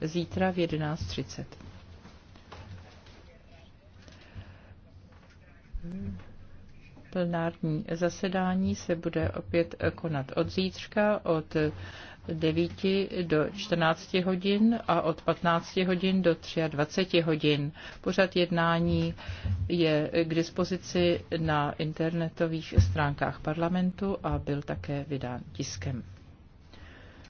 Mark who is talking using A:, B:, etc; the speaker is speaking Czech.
A: zítra v 11.30. Plenární zasedání se bude opět konat od zítřka od 9 do 14 hodin a od 15 hodin do 23 hodin. Pořad jednání je k dispozici na internetových stránkách parlamentu a byl také vydán tiskem.